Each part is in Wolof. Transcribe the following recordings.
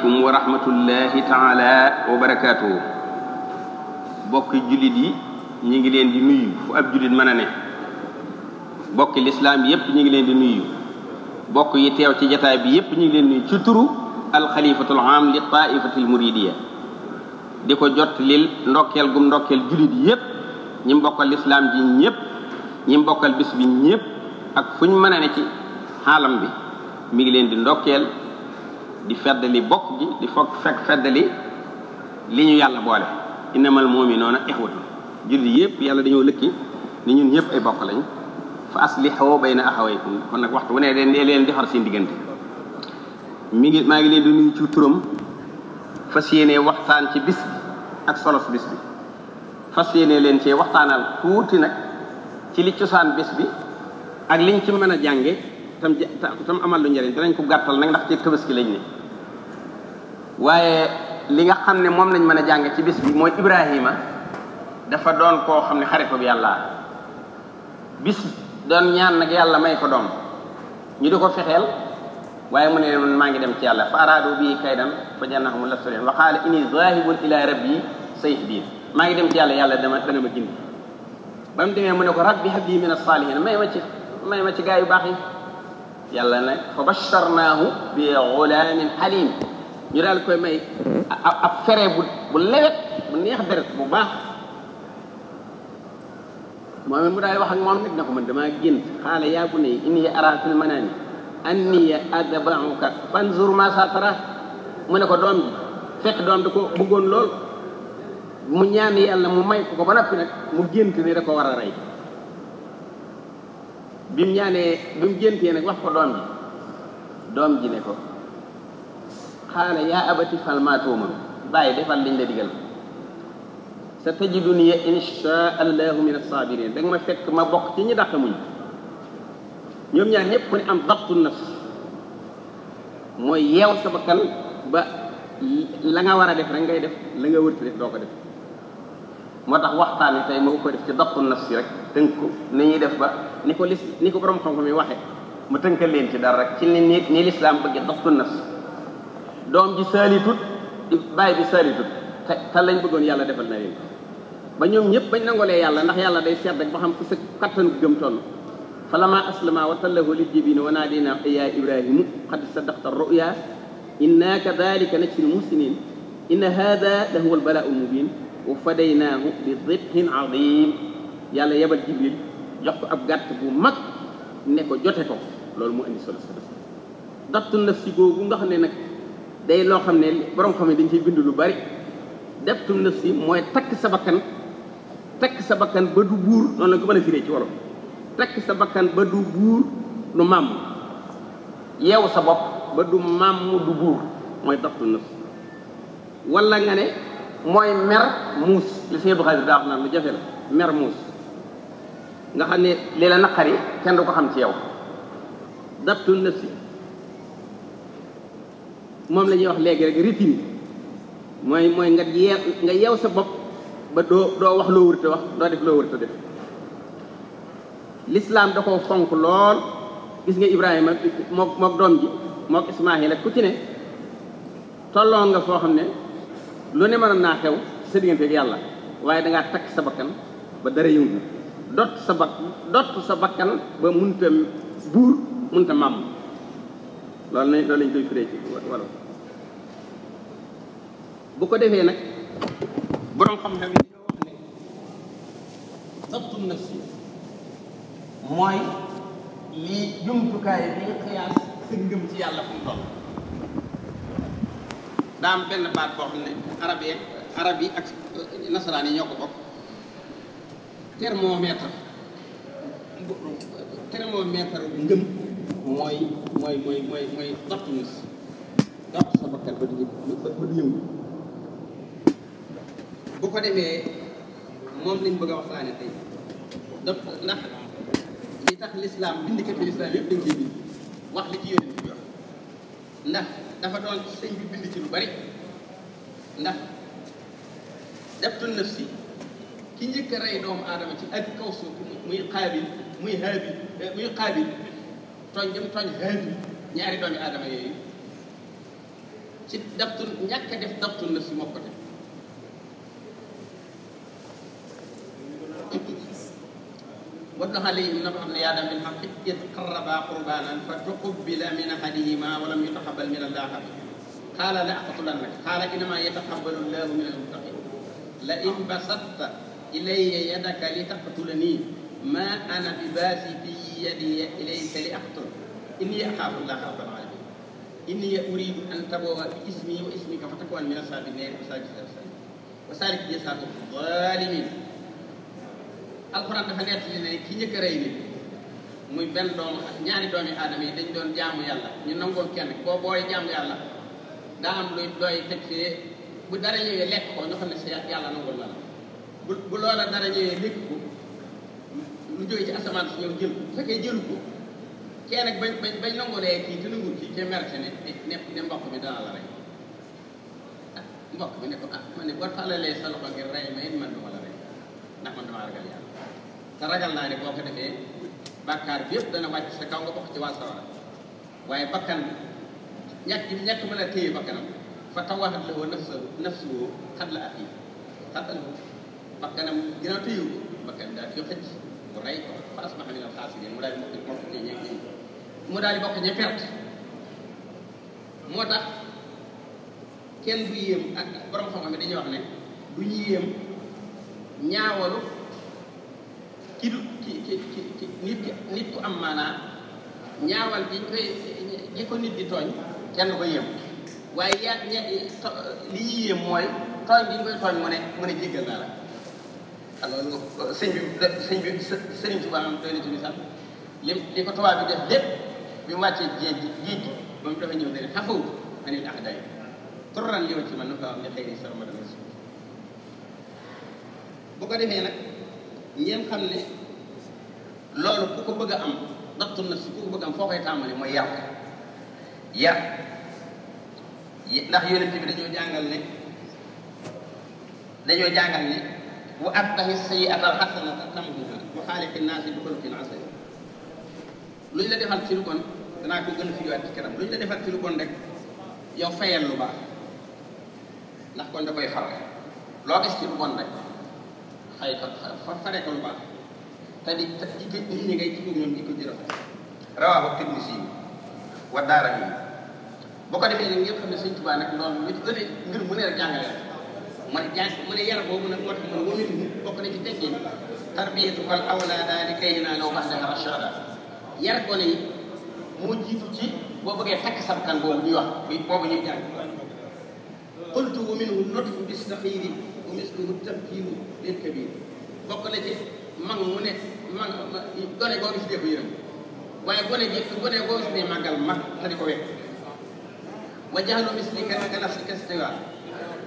aleykum wa rahmatullahi taala wa jullit yi ñu ngi leen di nuyu fu ab jullit mën a ne bokki lislaam yépp ñu ngi leen di nuyu bokk yi teew ci jataay bi yépp ñu ngi leen nuyu ci turu alxalifatul am li taifatil muridiya di ko jot lil ndokkeel gum ndokkeel jullit yépp ñi mbokkal lislaam ji ñépp ñi mbokkal bis bi ñépp ak fu ñu mën a ne ci xaalam bi mu ngi leen di ndokkeel di feddali bokk gi di fokk fekk feddali li ñu yàlla boole innamal mu'minuuna ixwatun julli yëpp yàlla dañoo lëkki ni ñun ñëpp ay bokk lañ fa aslihoo bayna axawaykum kon nag waxtu wu leen den leen defar seen diggante mi ngi maa ngi leen di nuyu ci turam fas yéene waxtaan ci bis bi ak solos bis bi fas yéene leen cee waxtaanal tuuti nag ci li cosaan bis bi ak liñ ci mën a jànge tam tam amal lu njëriñ danañ ko gàttal nag ndax ci tabaski lañ ne waaye li nga xam ne moom lañ mën a jàng ci bis bi mooy Ibrahima dafa doon koo xam ne xaritu bi yàlla bis doon ñaan nag yàlla may ko doom ñu di ko fexeel waaye mu ne maa ngi dem ci yàlla fa araado bii kaydan fa jannahum lafsolin wa qaala inni zahibun ila rabbi sayhdin maa ngi dem ci yàlla yàlla dama dana ma gindi ba mu demee mu ne ko rabbi habli min as-salihin may ma may ma yàlla nag fa basharnaahu bi gulaamin halim ñu daal koy may ab fere bu bu lewet bu bu baax moom it mu daal wax moom nag na ko man damaa gént xaala yaa bunayya inni araa fil manaami anni adba'uka fanzur maa tara mu ne ko doom bi fekk doom da ko bëggoon lool mu ñaan yàlla mu may ko ko mu gént ni da ko war a rey bi mu ñaanee bi mu géntee nag wax ko doon doom ji ne ko xaala yaa abati fal maa tuumaru bàyyi defal liñ la digal sa tajiduni insha allahu min assabirin da nga ma fekk ma bokk ci ñi dàq muñ ñoom ñaar ñëpp ku ne am dabtu nafs mooy yeew sa bakkan ba la nga war a def rek ngay def la nga wërti def doo ko def moo tax waxtaani tey ma ko def ci daptu nafsi rek tënk ko ni ñuy def ba ni ko lis ni ko borom xam-xam yi waxe ma tënkal leen ci dara rek ci ni ni lislaam bëgge daptu nafsi doom ji saalitut di baay bi saalitut te te lañ bëggoon yàlla defal na leen ba ñoom ñëpp bañ nangolee yàlla ndax yàlla day seet rek ba xam sa kattan gëm toll fa lama aslama wa tallahu lil jibini wa naadina ya ibrahimu qad saddaqta ruya inna kadalika najzi al muhsinin inna hada la huwa al bala'u fa naa ko bi dibhin adim yàlla yebal jibril jox ko ab gàtt bu mag ne ko jote ko loolu moo indi solo solo dattu nafsi googu nga xam ne nag day loo xam ne borom xam ne dañ ci bind lu bari dattu si mooy takk sa bakkan takk sa bakkan ba du buur noonu la ko mën a firee ci wolof takk sa bakkan ba du buur lu màmm yeewu sa bopp ba du màmm du buur mooy dattu nafsi wala nga ne mooy mer muus li sëñ Abdou Khadre daa wax naan lu jafe la mer muus nga xam ne lii la naqari kenn du ko xam ci yow dabtul si moom la ñuy wax léegi rek rythme mooy mooy nga yeew nga yeew sa bopp ba doo doo wax loo wërta wax doo def loo wërta def lislaam da fonk lool gis nga Ibrahima mook mook doom ji mook Ismaahila ku ci ne tolloon nga foo xam ne lu ne mën naa xew sa diggante ak yàlla waaye dangaa takk sa bakkan ba dara yëngu dott sa bak bakkan ba munta buur munta màmm loolu lañ loolu lañ koy firee ci wala bu ko defee nag boroom xam-xam yi ñoo wax ne dabtu nafsi mooy lii jumtukaay bi nga xiyaas sa ngëm ci yàlla fu mu daa benn baat boo xam ne arab yi arab yi ak euh, nasaraan yi ñoo ko bokk thermomètre thermomètre bu ngëm mooy mooy mooy mooy mooy daptu nit dàpp sa bakkan li tax lislaam bindikati lislaam yëpp dañ koy bind wax li ci yónent ndax dafa doon sëñ bi bind ci lu bari ndax dabtul nafsi ki njëkk a rey doom aadama ci ak kaw suuf muy xaabil muy haabil eh, muy xaabil tooñ dem tooñ haabil ñaari doomi aadama yooyu ci dabtul ñàkk a def dabtul nafsi moo ko def واتل عليهم نبأ ابن آدم بالحق إذ قربا قربانا فتقبل من أحدهما ولم يتقبل من الآخر قال لأقتلنك قال إنما يتقبل الله من المتقين لئن بسطت إلي يدك لتقتلني ما أنا بباسط يدي إليك لأقتل إني أخاف الله رب العالمين إني أريد أن تبوء باسمي واسمك فتكون من أصحاب النار وسالك جزاء الظالمين alxuraan dafa nekk li ne ki njëkk rey nit muy benn doomu ak ñaari doomi aadama yi dañ doon jàmm yàlla ñu nangoo kenn koo booy jaamu yàlla daa am luy doy teg fee bu dara ñëwee lekk ko ñu ne si yàlla nangul la la bu bu loola dara ñëwee lekk ko lu jógee ci asamaan si ñëw jël ko bu fekkee jël ko kenn nag bañ bañ bañ kii te nangul kii te mer ne ne ne mbokk mi dana la rey ah, mbokk mi ne ah man ne boo tàllalee sa loxo ngir rey ma it man duma la rey ndax te ragal naa ne boo ko defee bàkkaar bi yëpp dana wàcc sa kaw nga bokk ci waa waaye bakkan ñàkk ñàkk mën a téye bakkanam fa tawaxat la woo naf sa naf si woo la ak yi xatal bakkanam ginnaaw a bakkan daal rey ko daal di bokk bokk ñe moo tax kenn du yéem ak borom xam-xam dañuy wax ne bu ñu yéem ñaawalu ki du ki ki ki nit nit ku am maanaa ñaawal bi ñu koy ñi nit di tooñ kenn ko yëm waaye yaa ña li ñuy yëm mooy tooñ bi ñu koy tooñ mu ne mu am doy ci misaal ak ah, day turan li ci man nu ko am ne xëy na sama dama bu ko defee nag ngeen xam ne loolu ku ko bëgg a am daptu na si ko bëgg am foo koy tàmbali mooy yar yar ndax yonent bi dañoo jàngal ne dañoo jàngal ne wa attahi sayyi'ata al-hasanata tamhuha wa xaaliqi n-naasi bi xuluqin lu ñu la defal ci lu bon danaa ko gën a fiwaat ci lu ñu la defal ci lu bon rek yow fayal lu baax ndax kon da koy faral loo gis ci lu bon rek ay fa faree ko lu baax te di te di nit ñi ngay jikko ñoom jikko ji rafet rawaa ba technici yi wa daara yi boo ko defee nag ngeen xam ne sëñ Tuubaa nag loolu lu ci gën a ngir mu ne rek jàngale la man jàng mu ne yar boobu nag moo tax man wóolu nit bokk na ci teggin tarbiyatu wal awlaada li kay naa law ba'da rashada yar gone yi moo jiitu ci boo bëggee fekk sabkan boobu ñuy wax boobu ñuy jàng qultu wa minhu nutfu bi staxiiri wa misluhu tamkiinu lil kabiir bokk na ci mag mu ne mag gone boo gis dee ko yërëm waaye gone gi gone boo gis ne màggal mag wa jaxlu mislika ka nafsika istiwaa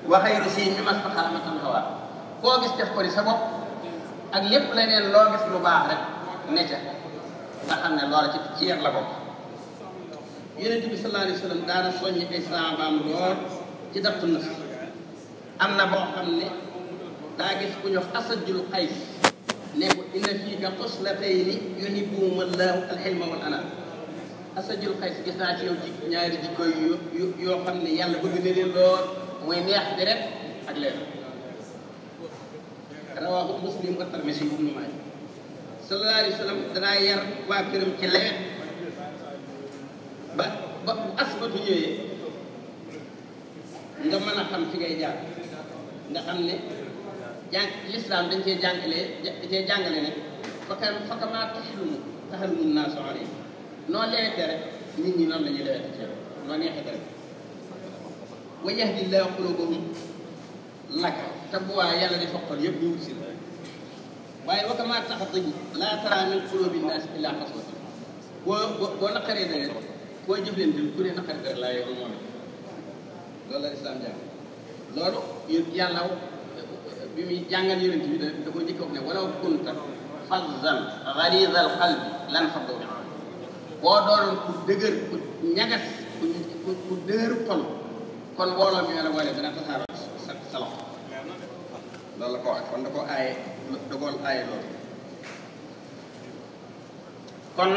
wa xayru si mi mas faxaa ma tam xawaa koo gis def ko di sa la neen loo gis baax rek ne ca nga xam ne ci ci yar la bokk yonent bi sallallahu alayhi wa sallam daana soññi ay saabaam lool ci daptu nas am na boo xam ne daa gis ku ñu asajul qays ne ko inna fiika xuslatayni yuhibbuhuma allahu alxilma wal anam asajul qays gis naa ci yow jikko yu yoo xam ne yàlla bëgg na leen lool mooy neex bi rek ak leer rawaahu muslim wa tarmisi ibnu maaja sallallahu alayhi wa sallam danaa yar waa këram ci leer ba ba asbatu ñëwee nga mën a xam fi ngay jaar nga xam ne jàng lislaam dañ cee jàngale dañ cee jàngale ne faka faka maa taxlumu taxlumu naa soxla noo leete rek nit ñi noonu la ñuy leete ci noo neexee rek wa yahdillaahu quluubahum laka te bu waa yàlla di foqal yëpp ñu wut si waaye wa kamaa taxtaju laa taraa min quluubi boo boo boo naqaree da ngeen boo jëflante ku ne naqaree da laa yow moom loolu la lislaam jàng loolu. yàlla bi muy jàngal yonent bi da ko njëkk wax ne walaw kunta fazzan galizal qalbi lan faddu bi boo doonoon ku dëgër ku ñagas ku ku dëgëru kon mbooloo mi la boole la ko wax kon da ko aaye da ko aaye loolu kon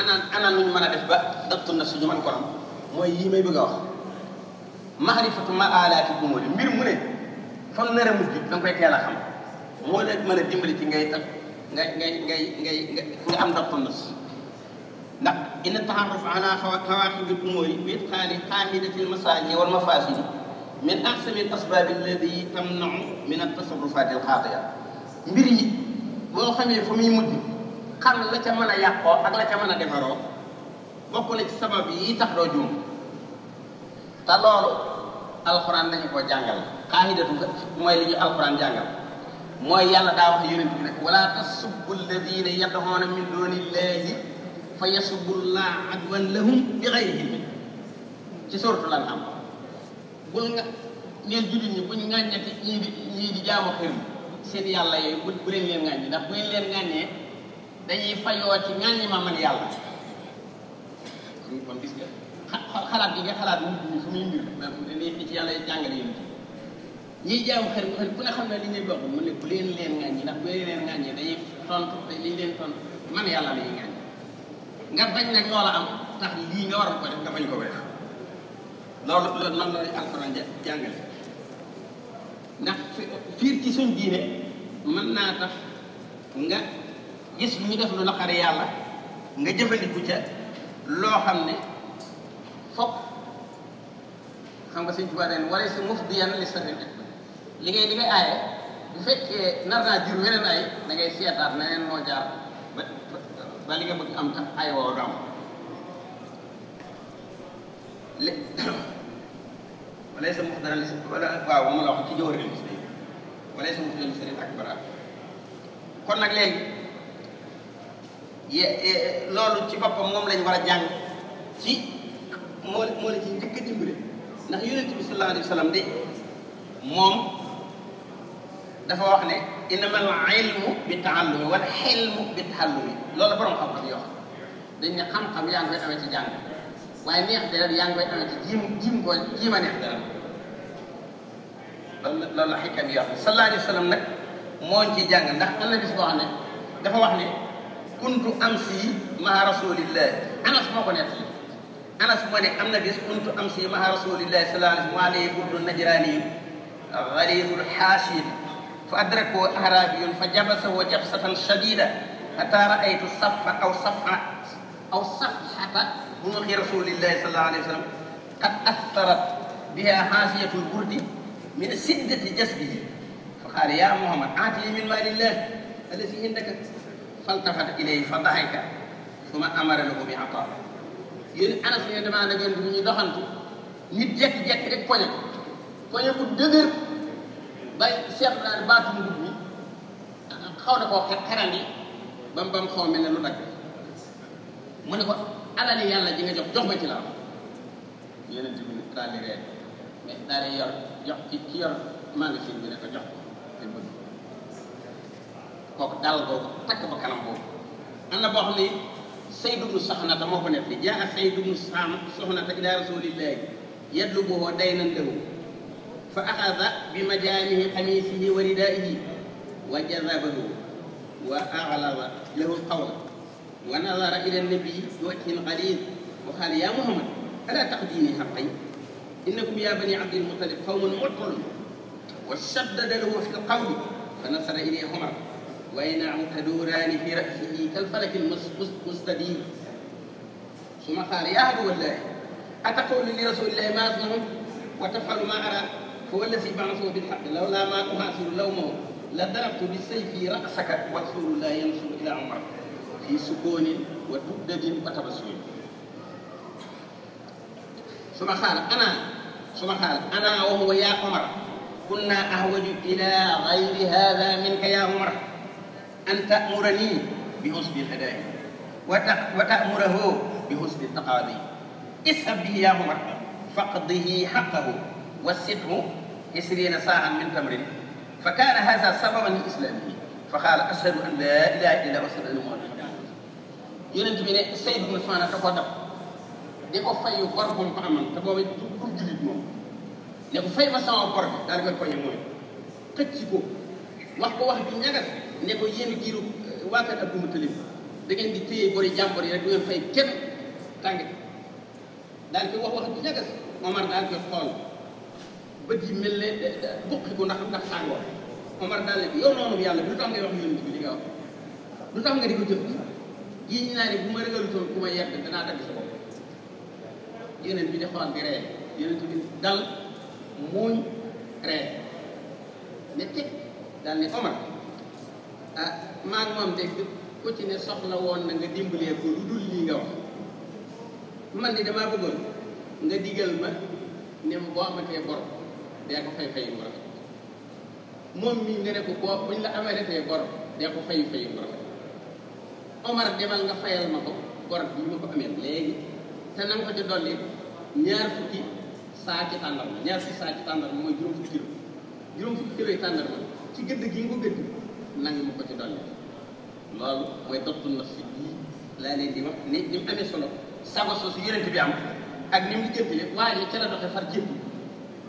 ana ana mën a def ba daptu na suñu man ko am mooy yii may bëgg a wax maarifatu ma aalaati umuri mbir mu ne fam nar a mujj da nga koy teel a xam moo la mën a dimbali ci ngay tax ngay ngay ngay ngay nga am ndax tund ndax inna taxarruf ala xawaaxibi umuri bi itqaani xaamidatil masaani wal mafaasidi min axsami asbaabi alladi tamnau min atasarrufaati alxaatiya mbir yi boo xamee fa muy mujj xam la ca mën a yàqoo ak la ca mën a defaroo bokk na ci sabab yi tax doo juum te loolu alxuraan dañu ko jàngal xaaxidatu mooy li ñu alxuraan jàngal mooy yàlla daa wax yonent bi nag wala tasubbu alladina yad'una min dunillahi fa yasubbu llaha adwan lahum bi ñii di ñii di jaamu xëy seen yàlla yooyu bu bu leen leen ŋàññi ndax bu leen leen ŋàññee dañuy fayoo ci ŋàññi ma man yàlla kon gis nga xalaat bi muy mbir li li ci yàlla jàngale yéen ñiy jaamu xel xel ku ne xam ne li ñuy bokk mu ne bu leen leen ŋàññi ndax bu leen leen ŋàññi dañuy tontu te liñ leen tontu man yàlla la ñuy ŋàññi nga bañ nag loola am tax lii nga waroon ko def nga bañ ko weex loolu loolu noonu la alxuraan jàngale ndax fiir ci suñ diine mën naa tax nga gis lu ñu def lu naqari yàlla nga jëfandiku ca loo xam ne fokk xam nga sëñ Tuubaa daan wala su muf di yan li sëriñ li ngay li aaye bu fekkee nar jur weneen ay da ngay seetaat na moo jaar ba ba li nga bëgg am ay woo dam lé wala li wala waaw mu la wax ci sa muf ak bara kon nag léegi loolu ci boppam moom lañ war a jàng ci moo moo la ci njëkk a dimbale ndax yonent bi sallallahu alayhi wa sallam de moom dafa wax ne innamal ilmu bi taallumi wala xilmu bi taallumi loolu borom xam-xam yoo xam dañ ne xam-xam yaa ngi koy amee ci jàng waaye neex dara yaa ngi koy amee ci jiim jiim ko jiima neex dara loolu loolu la xikam yoo xam sallallahu alayhi wa sallam nag moo ci jàng ndax am na bis boo xam ne dafa wax ne kuntu amsi maa rasulillahi anas moo ko nettali anas moo ne am na bis kuntu am si maa rasulillahi sallallahu alayhi wa alayhi burdu najrani ghalidul haashin fa adrako arabiyun fa jabasahu jabsatan shadida hatta raaytu safa aw safa aw safhata bunuqi rasulillahi sallallahu alayhi wa sallam qad astarat biha haasiyatul burdi min siddati jasbihi fa qaala ya muhammad aatini min maalillah allati indaka faltafata ilayhi fa dahika suma amara lahu bi ataa yéen anas ne damaa na ngeen bu ñu doxantu nit jekki-jekki rek koñe koñe dëgër bay seet naa baatu mbub mi xaw na koo xeral yi ba mu ba mu xaw mel ne ko alali yàlla ji nga jox jox ma ci laaw yeneen bi mu daal di reer mais daal di yor jox ci ci yor magasin bi ko jox ko te dal boobu takk ba kanam boobu am na boo Sayd ibnu Saxnata moo ko nekk bi jaa Sayd ibnu Saam Saxnata ilaa rasuulillaahi yatlubuhu daynan lahu fa axada bi majaamihi xamiisihi wa ridaa'ihi wa jazabahu wa axlada lahu qawla wa nazara ila nabii bi wajhin galiid wa qaala yaa Muhammad alaa taxdiini xaqay innakum yaa banii abdil muttalib qawmun mu'talun wa shaddada lahu fi l qawli fa nasara ilayhi Umar وينعم تدوران في رأسه كالفلك المستدير ثم قال يا عدو الله أتقول لرسول الله ما أصنع وتفعل ما أرى هو الذي بعثه بالحق لولا ما تهاصر لومه لضربت بالسيف رأسك ورسول الله ينصر إلى عمر في سكون وتبدد وتبسم ثم قال أنا ثم قال أنا وهو يا عمر كنا أهوج إلى غير هذا منك يا عمر an ta'murani bi husni al-adaa'i wa ta'murahu bi husni al-taqaadi ishab bihi yaa Umar faqdihi haqqahu wasidhu isriina saa'an min tamrin fa kaana haadha sababan li islaamihi fa qaala ashhadu an laa ilaaha illallaah wa ashhadu anna Muhammadan rasuulullaah yonent bi ne Sayd ibn Fana da koo dab di ko fayu bor bu mu ko amoon te boobu du jullit moom ne ko fay ma sama bor bi daal di koy poñe mooy xëcc ko wax ko wax bi ñagas ne ko yéen giiru waa kër Abdou Moutalib da ngeen di téye bori jàmbur yi rek du ngeen fay kenn tànge daal di wax wax bu ñagas Omar daal di xool bët yi mel ne bukki ko ndax ndax tàngoor Omar daal ne yow yàlla bi lu tax ngay wax yonent bi nga wax lu tax ko jëf ñu naa ne bu ma ragalutoon ku ma yedd danaa dagg sa bopp yeneen bi di xool di ree yonent bi dal muuñ ree ne teg daal ne Omar ah maa ngi moom teg ku ci ne soxla woon na nga dimbalee ko lu dul lii nga wax man de damaa bëggoon nga digal ma ne ma boo amatee bor dee ko fay fay mu moom mii ne ko boo buñ la amalatee bor dee ko fay fay mu rafet Omar demal nga fayal ma ko bor bi ma ko amee léegi te na ko ci dolli ñaar fukki saa ci tàndarma ñaar fukki saa ci tàndarma mooy juróom fukki kilo juróom fukki kilo yi tàndarma ci gëdd gi nga gëdd nang ma ko ci dolli loolu na si bii laa leen ni solo sago soosu yonent bi am ak ni mu jënd yëpp waaye ca la doxe far jënd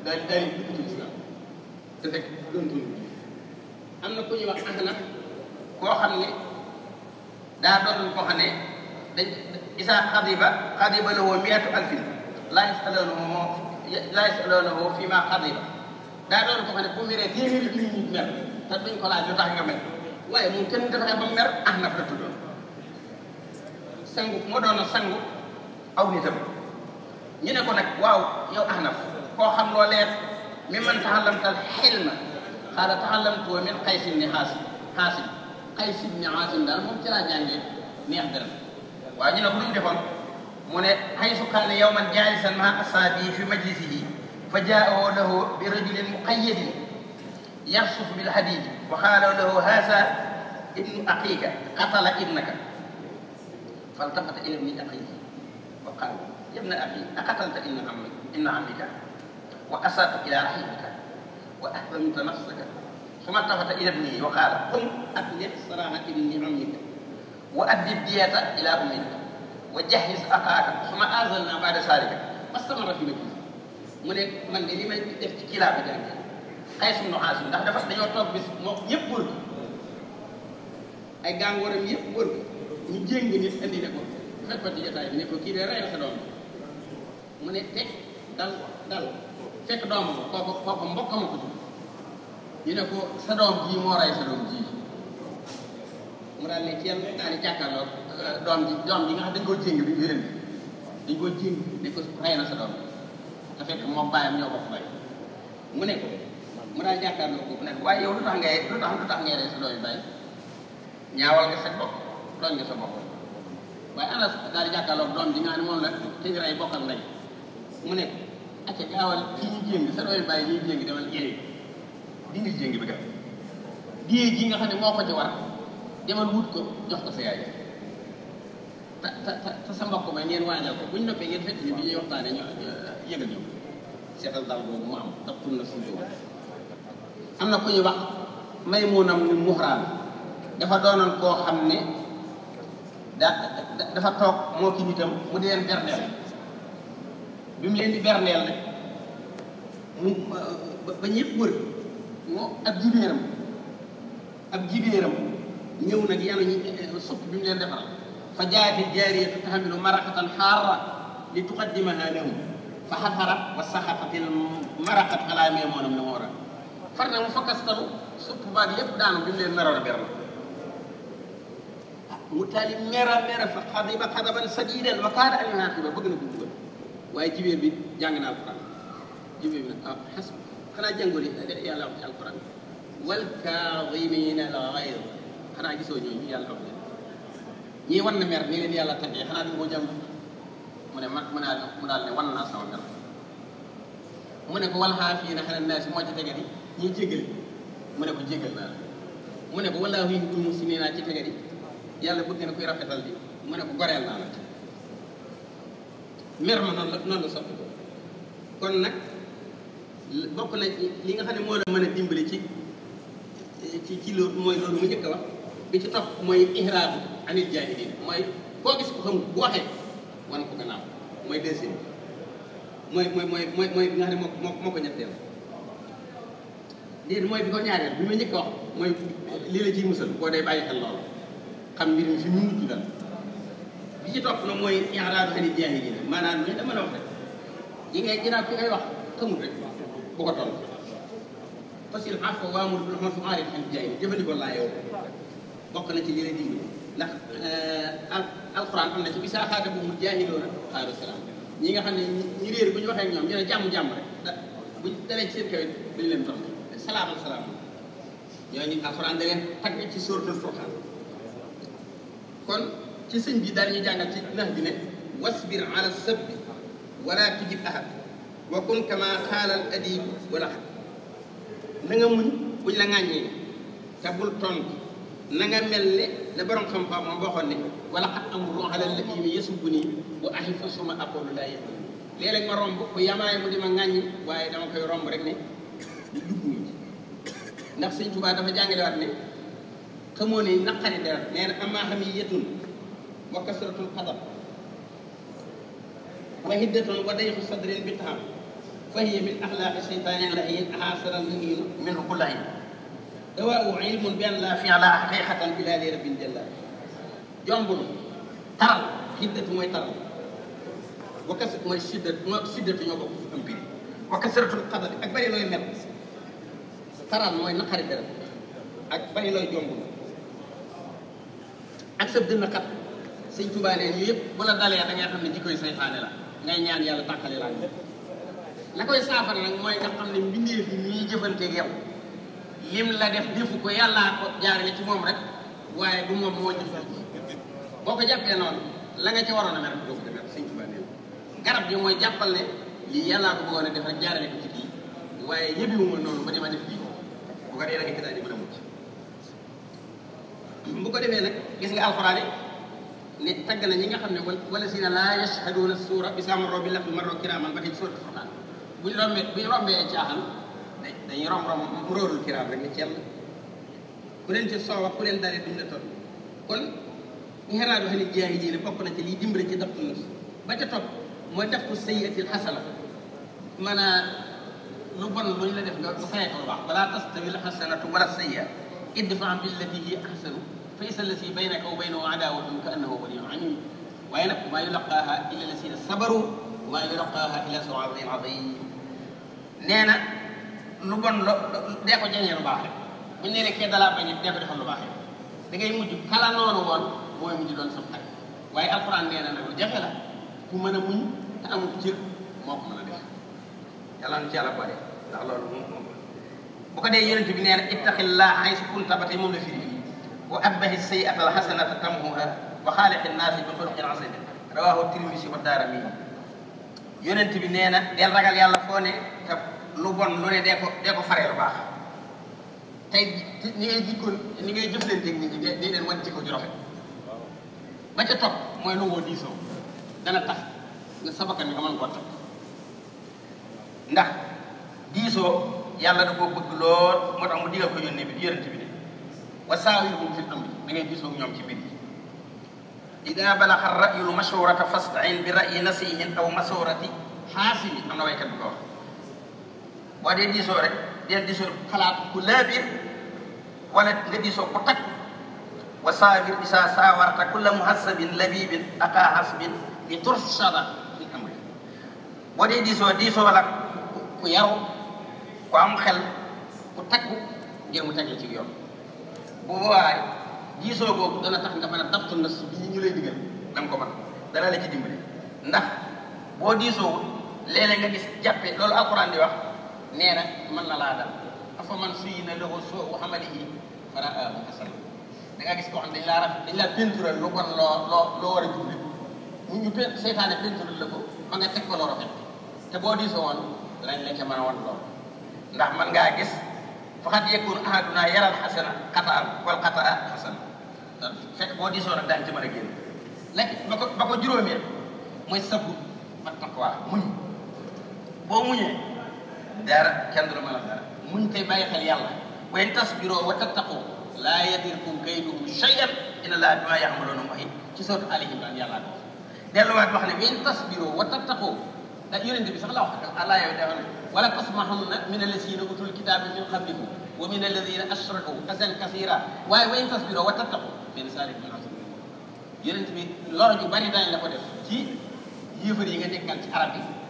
daal di am na ku ñuy wax Ahnaf koo xam ne daa doon koo xam ne dañ isaa xadiba la woo miatu alfin laa yasaloonahu moo laa yasaloonahu fii maa xadiba daa doon ndax duñ ko laaj lu tax nga mel waaye moom kenn defaree ba mer Ahnaf la tuddoon sangu moo doon sangu aw nitam ñu ne ko nag waaw yow Ahnaf koo xam loo leer mi man taxallamtal xilma xaala taxallamtu min xaysin ni xaasim xaasim xaysin ni xaasim daal moom ci laa jàngee neex dërëm waaw ñu ne ko lu ñu defoon mu ne xaysu kaana yawman jaalisan maa asaabi fi majlisihi fa jaawo lahu bi rajulin muqayyadin يرصف بالحديد وقالوا له هذا ابن أخيك قتل ابنك فالتفت إلى ابن أخيه وقال يا ابن أخي أقتلت ابن عمك ابن عمك وأسرت إلى رحيمك وأهملت نفسك ثم التفت إلى ابنه وقال قم أبلغ صلاة ابن عمك وأدي الدية إلى أمك وجهز أخاك ثم آذنا بعد ذلك ما استمر في مجلس mu ne man de li may def ci kilaa bi jàngee xay sum nu xaasim ndax dafa dañoo toog bis moom yëpp wër ko ay gàngooram yëpp wër ko ñu jéng nit indi ne ko fekk ko ci ko kii de reyal sa doom mu ne teg dal dal fekk doomam kooku kooku ko moo di euh, ko rey na mu ne ko mu daal jàkkaarloo ko ne waaye yow lu tax ngay lu tax lu sa doomi bàyyi ñaawal nga sa bopp tooñ nga sa bopp waaye anas daal di jàkkaarloo doom ji nga ne moom la ci bokkal rey mu ne acca gaawal ci ñu jéngi sa nga xam ne moo ko ci war demal wut ko jox ko sa yaay te te te sa mbokk ma ngeen waajal ko bu ñu noppee ngeen fekk ni bi ñuy waxtaanee ñu yëgal ñu seetal daal boobu am ndax tur na suñu am na ku ñu wax Maymuna mu Muhraan dafa doonoon koo xam ne dafa toog moo ki nitam mu di leen berndeel bi mu ba ñëpp wër ab jibéeram ab jibéeram ñëw nag yanu ñi supp bi mu leen defal fa jaati jaariyatu tahmilu maraqatan xaara li tuqaddimaha lahum fa xafarat wa saxatat al maraqat ala Maymuuna far na mu fakkastalu supp baag yépp daanu bi mu leen naroon a beral ah, mu taali mera mera fa xadiba xadaban sadiidan wa kaada an yuaaqiba bëgg na ko dugal waaye jibéer bi jàng na alquran jibéer bi nag ah xas xanaa jàngoli eh, yàlla wax ci alquran wal kaadimina al xayr xanaa gisoo ñooñu yàlla wax leen nii leen yàlla tàggee xanaa duñ koo jàng mu ne man mu ne wan naa sama mer mu ne ko wal xaafiina naa naasi moo ci tege ni ñuy jégal mu ne ko jégal naa la mu ne ko wallaahu si muhsiniina ci tege ni yàlla bëgg na kuy rafetal bi mu ne ko goreel naa la mer ma noonu la noonu la soppi ko kon nag bokk na li nga xam ne moo la mën a dimbali ci ci ci loolu mooy loolu mu njëkk a bi ci topp mooy ihraadu anil jaahiliin mooy koo gis ko xam bu waxee wan ko gannaaw mooy deuxième mooy mooy mooy mooy mooy bi nga xam ne moo moo ko ñetteel lii mooy bi ko ñaareel bi ma njëkk wax mooy lii la ciy musal boo xam mbir mi fi mu mujj la bi ci topp na mooy iraadu ani jaahiliya maanaam li dama la wax rek yi ngay ginnaaw ki ngay wax xamul rek bu ko toll fasil afwa waamur bil urfi wa'rid anil jaahil jëfandikoo laa yow bokk na ci lii la dimbali ndax euh, alquran am na ci bi xaata bu mu jaahiloona xaaru salaam ñi nga xam ne ñu réer bu ñu waxee ak ñoom ñu ne jàmm jàmm rek da bu dalee ci seen kaw it leen tontu salaam salaam ñooñu alxuraan da leen tagg ci sóoratul Furqaan kon ci sëñ bi daal ñu jàngal ci nax bi ne wasbir ala sabbi wala tujib ahad wa kun kama xaalal adib wala na nga muñ buñ la ŋàññee te bul tontu na nga mel ne la borom xam-xam moom waxoon ne wala xat amuru ala alladina yasubuni wa axifu suma aqulu laa yëg léeg-léeg ma romb yamaay mu di ma ŋàññi waaye dama koy romb rek ne ndax sëñ Tuubaa dafa jàngalewaat ne xamoo ne naqari dara nee na amaa xam wa kasratul xadab wa hiddatun wa dayxu sadrin bi taxam fa hiya min axlaaqi seytaani ala an xaasara min xulaay dawaawu ilmun bi an laa fi'la xaqiqatan ilaa li rabbin jalla jombul taral hiddatu mooy taral wa kasratu mooy siddatu moo siddatu ñoo bokk am biri wa ak bëri looy mel taral mooy naqari dara ak bëri looy jombul ak sab dënn xat sëñ Tuubaa nee ñu yëpp bu la dalee da ngay xam ne jikkoy saytaane la ngay ñaan yàlla tàqale laa la koy saafara nag mooy nga xam ne mbindeef yi ñuy jëfante ak yow lim la def defu ko yàllaa ko jaarale ci moom rek waaye bu moom moo jëf boo ko jàppee noonu la nga ci waroon a mer doo ko demee sëñ Tuubaa nee garab bi mooy jàppal ne lii yàllaa ko bëggoon a def rek jaarale ko ci kii waaye yëbiwu ma noonu ba dama def bu ko dee rek defee nag gis nga alxuraan yi ne tagg na ñi nga xam ne wala si ne laa yashhaduuna suura bi saamaro bi lafi marro kiraaman ba tey suura alxuraan bu ñu rombee bu ñu rombee caaxaan dañuy rom-rom róorul kiraam rek ni ci am ku leen ci soowa ku leen dalee duñ la toll kon ihraadu ahli jaahiliya bokk na ci liy dimbali ci daptu nas ba ca topp mooy def ko sayyiatil xasana maanaam lu bon lu ñu la def nga fayee ko lu baax wala tastawil xasanatu wala sayyi'a idfa' billati hiya ahsanu fa iza llati baynaka wa baynahu adaawatun ka annahu waliyyun hamiim waaye nag maa yulaqaaha illa llazina sabaru wa maa yulaqaaha illa zu 'azim nee na lu bon lo dee ko jañee lu baax rek bu kee dalaa bañ dee ko defal lu baax rek da ngay mujj kala noonu woon mooy mujj doon sam xarit waaye alxuraan nee na nag lu ku mën a muñ te amul cër moo ko mën a def yàlla na ci yàlla boole ndax loolu moom bu ko dee yonent bi nee na ittaqillaa haysu kunta ba tey moom la firi wa abbahi sayyi'ata alhasanata tamhuha wa xaaliqi nnaasi bi xuluqin hasan tirmisi wa daarimi yonent bi nee na del ragal yàlla foo lu bon lu ne dee ko dee ko faree lu baax tey ni ngay jikkoon ni ngay jëflanteeg nit ñi di leen wan jikko ju rafet ba ca topp mooy nangoo diisoo dana ndax diisoo yàlla da koo bëgg lool moo tax mu digal ko yónnee bi di yonent bi de wa saawirhum fi amri da ngay diisoo ñoom ci mbir yi ida balaxa rayu mashurata fastain bi rayi nasihin aw masurati xaasini am na waykat bi ko wax waa dee diisoo rek deel diisoo xalaatu ku laabir wala nga diisoo ku takk wa saabir isaa saawarta kulla muhassabin labibin aqaa hasbin li tursada fi amri boo dee diisoo diisoo la ku yaru xel ku takku jéemu tege ci yoon bu boobaa diisoo boobu dana tax nga mën a dabtu nas bi ñu lay digal da nga ko mën dana la ci dimbali ndax boo diisoo léeg nga gis jàppe loolu di wax nee na mën na laa dal afa man suy na lahu suu amalihi fara ahu hasana da nga gis koo xam dañ laa raf dañ laa peintural lu kon loo loo loo war a jubli mu ñu la ko ma nga teg ko loo rafet te boo diisoo woon lañ la ca mën a wan lool ndax man ngaa gis faqad yakun ahaduna yaral xasana xataan wal xataa fekk boo diisoo nag daan ci mën a génn lekk ko ba ko juróomeel mooy sabu ak taqwa muñ boo muñee dara kenn du la mën a dara muñ tey bàyyi xel yàlla wa in tasbiroo wa tattaqu laa yadirkum kayduhum shay'an inna laa bimaa ya'maluuna muhiit ci sootu Ali Imran yàlla ko delluwaat wax ne wa in tasbiroo wa tattaqu da yonent bi sax la wax àlaa yow dafa ne wala tasmaxunna min allazina utul kitaaba min qablikum wa min allazina ashraku asan kasira waaye wa in tasbiroo wa tattaqu min salik min asr yonent bi lor ñu bari dañ la ko def ci yëfar yi nga nekkal ci arab yi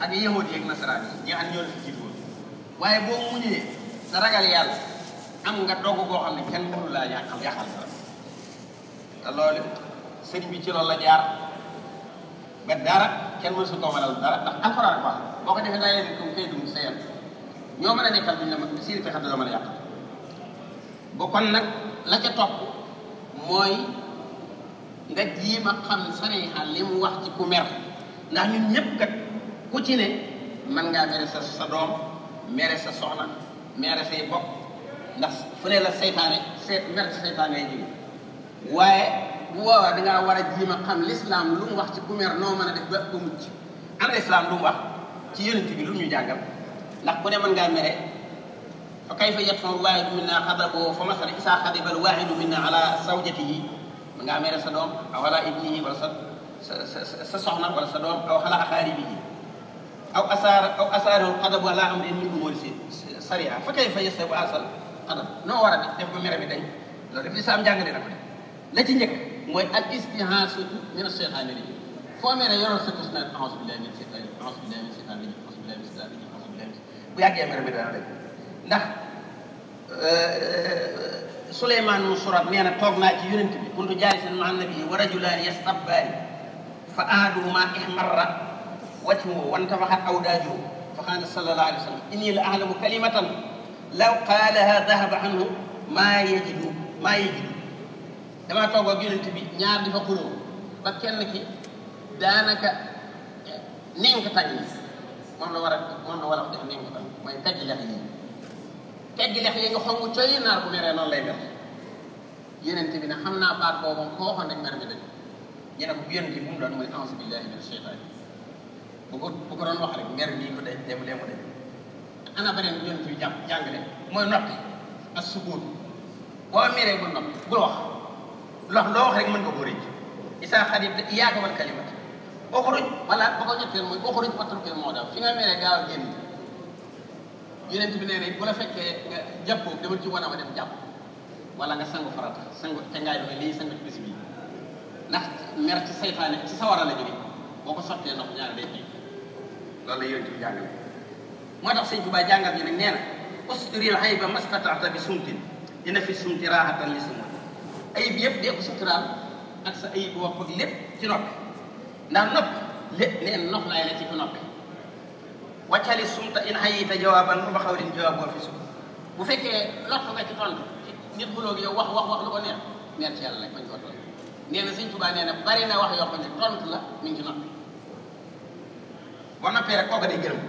ak yahuud yi ak nasaraan yi ñi nga xam ñoo woon waaye boo muñee sa ragal yàlla am nga dogg boo xam ne kenn mënu laa yàqal yàqal ci loolu la jaar ba dara kenn mësu ko waral boo ko defee daa ñoo mën a nekkal duñ la kon nag la ca topp mooy nga jiima xam sariha li mu wax ci ku mer ndax ñun ñëpp kat. ku ci ne mën ngaa mere sa sa doom mere sa soxna mere say bopp ndax fu ne la seytaane seet mer seytaane ji waaye bu boobaa dangaa war a ma a xam lislaam lu mu wax ci ku mer noo mën a def ba ba mucc ana lislaam lu mu wax ci yonent bi lu ñu jàngal ndax ku de mën ngaa mere fa kayfa yatfaru waahidu minna xadabahu fa masal isaa xadiba al waahidu minna ala zawjatihi mën ngaa mere sa a aw ala ibnihi wala sa sa sa soxna wala sa doom aw ala aqaaribihi aw asaar aw asaarul xadab wala am leen min umóori si sariya fa kay fa yesta bu asal xadab noo war a def def ba mere bi dañ loolu def lislaam jàngale na ko de la ci njëkk mooy al istihaasatu min asheytaani rajim foo mere yoroon sa kus naan a'uuzu billaahi min sheytaani a'uuzu billaahi min sheytaani rajim a'uuzu billaahi min sheytaani rajim a'uuzu billaahi min bu yàggee mere bi dana dañ ndax euh, Suleymaan mu surat nee na toog naa ci yonent bi kuntu jaalisan ma'a nabi wa rajulaani yastabaani fa ahaduhumaa ihmarra wajhu wa antafaxat awdaaju fa qaala sallallahu alayhi wa sallam inni la a'lamu kalimatan law qaalaha dahaba anhu maa yajidu maa yajidu damaa toog ak yonent bi ñaar di fa xuloo ba kenn ki daanaka nenk tànn moom la war a moom la war a def nenk tànn mooy tegg lex yi tegg lex yi nga xongu coy naar bu meree noonu lay mel yonent bi ne xam naa baat boobu koo waxoon rek mer mi dañ ñu ne ko yonent bi mu doon mooy auzu billahi min shaytaan bu ko bu ko doon wax rek mer bii ko de dem dem de ana beneen bu yonent bi jàpp jàngale mooy noppi ak sukuut boo meree bul noppi bul wax lox loo wax rek mën ko rëcc isaa xarib iyyaka wal ko ñetteel mooy uxruj fi nga meree gaaw génn yonent bi nee na la fekkee nga jàppoo demal ci wanama dem jàpp wala nga sangu farata sangu te ngaay doon lii sangu bis ndax mer ci saytaane ci sawara la jóge boo ko sottee ndox ñaar day loolu la yonent bi jàngale moo tax sëñ Tuubaa jàngal ñu ne nee na usturil ayba mastataata bi sumtin dina fi sumti raaxatan li sumut ay bi dee ko suturaal ak sa ayib wa ak lépp ci noppi ndax le lépp neen nox laay la ci fi noppi waccali sumta in hayita jawaaban ba xawrin jawaaboo fi sum bu fekkee lott nga ci tontu nit bu loolu yow wax wax wax lu ko neex meer ci yàlla lañ bañ ko tontu nee na sëñ Tuubaa nee na bari na wax yoo xam ne tontu la mi ngi ci noppi boo noppee rek kooka day gërëm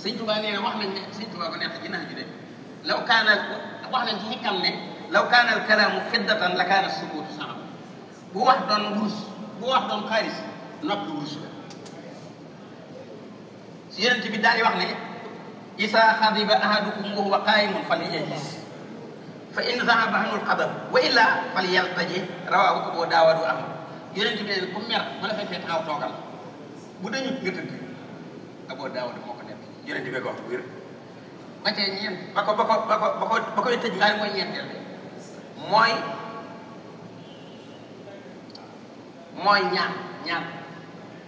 sëñ Tuba nee na wax nañ ne sëñ Tuba ba nekk ginnaaw ji de law kaanal wax nañ ci xikam ne law kaanal kalaamu fiddatan la kaana sukuutu sanam bu wax doon wurus bu wax doon xaalis noppi wurus la si yonent bi daal di wax ne isa xadiba ahadukum wa huwa qaayimun falyajlis fa in zahaba anul xadab wa illa falyaltaji rawaahu Abu Daawud ahmad yonent bi ne ku mer bu la fekkee taxaw toogal bu dañu nga tëdd Abu Daawud moo ko nekk yonent bi ko wax wér ba tey ñeent ba ko ba ko ba ko ba ko ba koy tëj ngaari mooy ñeenteel bi mooy mooy ñaan ñaan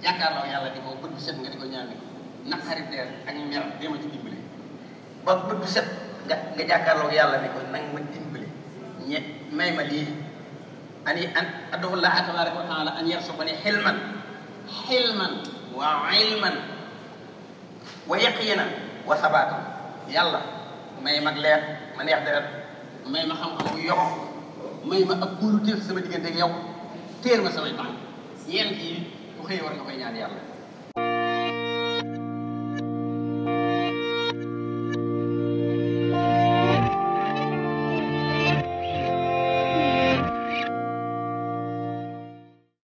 yaakaarloo yàlla di ko bët bu set nga di ko ñaan ni naqari deer ak mer déema ci dimbale ba bët bu set nga nga jàkkaarloo yàlla ni ko nang ma dimbale ñe may ma lii ani an adduhu laa tabaaraka wa taala an yarsuqani xilman xilman wa ilman wa yaqiinan wa sabaatan yàlla may mag leer ma neex deret may ma xam-xam yu yoxo may ma ak kóolu téef sama diggante ak yow téer ma samay baax yent yi bu xëyee war nga koy ñaan yàlla